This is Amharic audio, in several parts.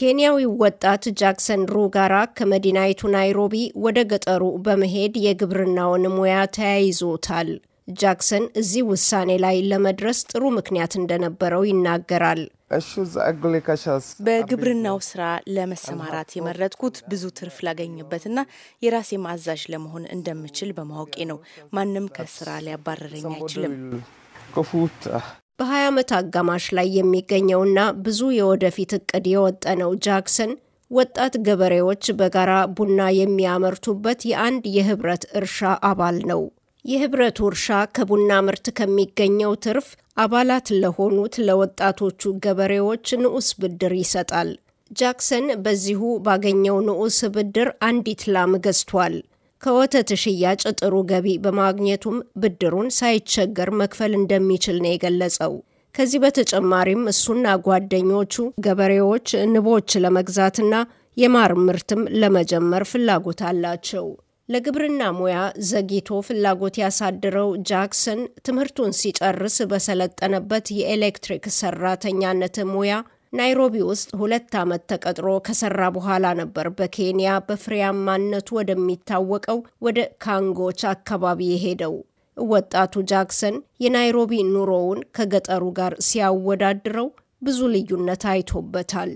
ኬንያዊው ወጣት ጃክሰን ሩጋራ ከመዲናይቱ ናይሮቢ ወደ ገጠሩ በመሄድ የግብርናውን ሙያ ተያይዞታል። ጃክሰን እዚህ ውሳኔ ላይ ለመድረስ ጥሩ ምክንያት እንደነበረው ይናገራል። በግብርናው ስራ ለመሰማራት የመረጥኩት ብዙ ትርፍ ላገኝበትና የራሴ ማዛዥ ለመሆን እንደምችል በማወቄ ነው። ማንም ከስራ ሊያባረረኝ አይችልም። በ20 ዓመት አጋማሽ ላይ የሚገኘውና ብዙ የወደፊት እቅድ የወጠነው ጃክሰን ወጣት ገበሬዎች በጋራ ቡና የሚያመርቱበት የአንድ የህብረት እርሻ አባል ነው። የህብረቱ እርሻ ከቡና ምርት ከሚገኘው ትርፍ አባላት ለሆኑት ለወጣቶቹ ገበሬዎች ንዑስ ብድር ይሰጣል። ጃክሰን በዚሁ ባገኘው ንዑስ ብድር አንዲት ላም ገዝቷል። ከወተት ሽያጭ ጥሩ ገቢ በማግኘቱም ብድሩን ሳይቸገር መክፈል እንደሚችል ነው የገለጸው። ከዚህ በተጨማሪም እሱና ጓደኞቹ ገበሬዎች ንቦች ለመግዛትና የማር ምርትም ለመጀመር ፍላጎት አላቸው። ለግብርና ሙያ ዘግይቶ ፍላጎት ያሳድረው ጃክሰን ትምህርቱን ሲጨርስ በሰለጠነበት የኤሌክትሪክ ሰራተኛነት ሙያ ናይሮቢ ውስጥ ሁለት ዓመት ተቀጥሮ ከሰራ በኋላ ነበር በኬንያ በፍሬያማነቱ ወደሚታወቀው ወደ ካንጎች አካባቢ የሄደው። ወጣቱ ጃክሰን የናይሮቢ ኑሮውን ከገጠሩ ጋር ሲያወዳድረው ብዙ ልዩነት አይቶበታል።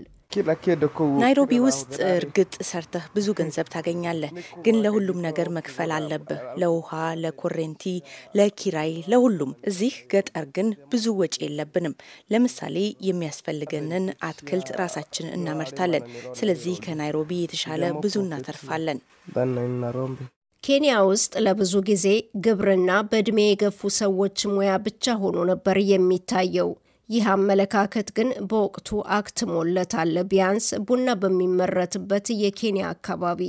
ናይሮቢ ውስጥ እርግጥ ሰርተህ ብዙ ገንዘብ ታገኛለህ፣ ግን ለሁሉም ነገር መክፈል አለብህ። ለውሃ፣ ለኮሬንቲ፣ ለኪራይ፣ ለሁሉም። እዚህ ገጠር ግን ብዙ ወጪ የለብንም። ለምሳሌ የሚያስፈልገንን አትክልት ራሳችን እናመርታለን። ስለዚህ ከናይሮቢ የተሻለ ብዙ እናተርፋለን። ኬንያ ውስጥ ለብዙ ጊዜ ግብርና በእድሜ የገፉ ሰዎች ሙያ ብቻ ሆኖ ነበር የሚታየው። ይህ አመለካከት ግን በወቅቱ አክትሞለታል። ቢያንስ ቡና በሚመረትበት የኬንያ አካባቢ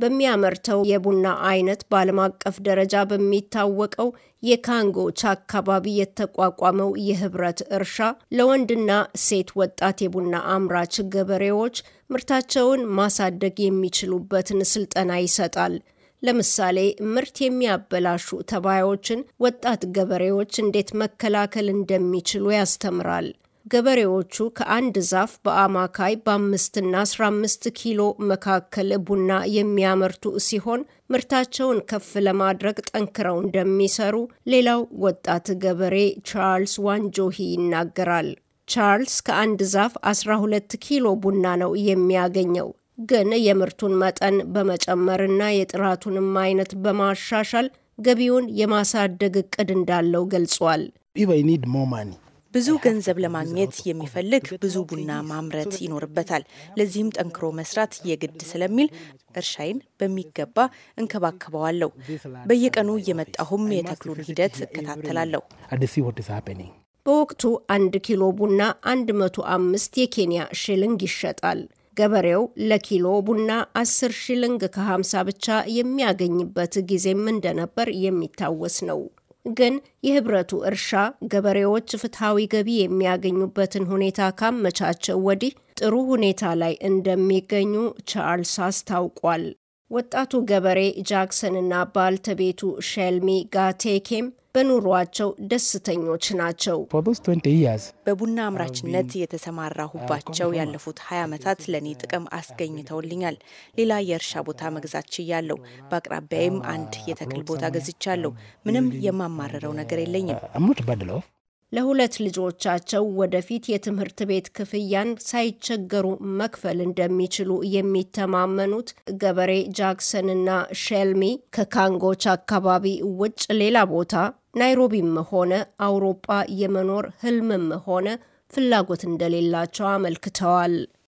በሚያመርተው የቡና አይነት በዓለም አቀፍ ደረጃ በሚታወቀው የካንጎች አካባቢ የተቋቋመው የህብረት እርሻ ለወንድና ሴት ወጣት የቡና አምራች ገበሬዎች ምርታቸውን ማሳደግ የሚችሉበትን ስልጠና ይሰጣል። ለምሳሌ ምርት የሚያበላሹ ተባዮችን ወጣት ገበሬዎች እንዴት መከላከል እንደሚችሉ ያስተምራል። ገበሬዎቹ ከአንድ ዛፍ በአማካይ በአምስትና አስራ አምስት ኪሎ መካከል ቡና የሚያመርቱ ሲሆን ምርታቸውን ከፍ ለማድረግ ጠንክረው እንደሚሰሩ ሌላው ወጣት ገበሬ ቻርልስ ዋንጆሂ ይናገራል። ቻርልስ ከአንድ ዛፍ 12 ኪሎ ቡና ነው የሚያገኘው። ግን የምርቱን መጠን በመጨመርና የጥራቱንም አይነት በማሻሻል ገቢውን የማሳደግ እቅድ እንዳለው ገልጿል። ብዙ ገንዘብ ለማግኘት የሚፈልግ ብዙ ቡና ማምረት ይኖርበታል። ለዚህም ጠንክሮ መስራት የግድ ስለሚል እርሻይን በሚገባ እንከባከበዋለሁ። በየቀኑ እየመጣሁም የተክሉን ሂደት እከታተላለሁ። በወቅቱ አንድ ኪሎ ቡና 105 የኬንያ ሽልንግ ይሸጣል። ገበሬው ለኪሎ ቡና 10 ሺልንግ ከ50 ብቻ የሚያገኝበት ጊዜም እንደነበር የሚታወስ ነው። ግን የህብረቱ እርሻ ገበሬዎች ፍትሐዊ ገቢ የሚያገኙበትን ሁኔታ ካመቻቸው ወዲህ ጥሩ ሁኔታ ላይ እንደሚገኙ ቻርልስ አስታውቋል። ወጣቱ ገበሬ ጃክሰንና ባልተቤቱ ሼልሚ ጋቴኬም በኑሯቸው ደስተኞች ናቸው። በቡና አምራችነት የተሰማራሁባቸው ያለፉት 20 ዓመታት ለእኔ ጥቅም አስገኝተውልኛል። ሌላ የእርሻ ቦታ መግዛት ችያለሁ። በአቅራቢያዬም አንድ የተክል ቦታ uh, ገዝቻለሁ። ምንም የማማረረው ነገር የለኝም። uh, ለሁለት ልጆቻቸው ወደፊት የትምህርት ቤት ክፍያን ሳይቸገሩ መክፈል እንደሚችሉ የሚተማመኑት ገበሬ ጃክሰንና ሼልሚ ከካንጎች አካባቢ ውጭ ሌላ ቦታ ናይሮቢም ሆነ አውሮፓ የመኖር ህልምም ሆነ ፍላጎት እንደሌላቸው አመልክተዋል።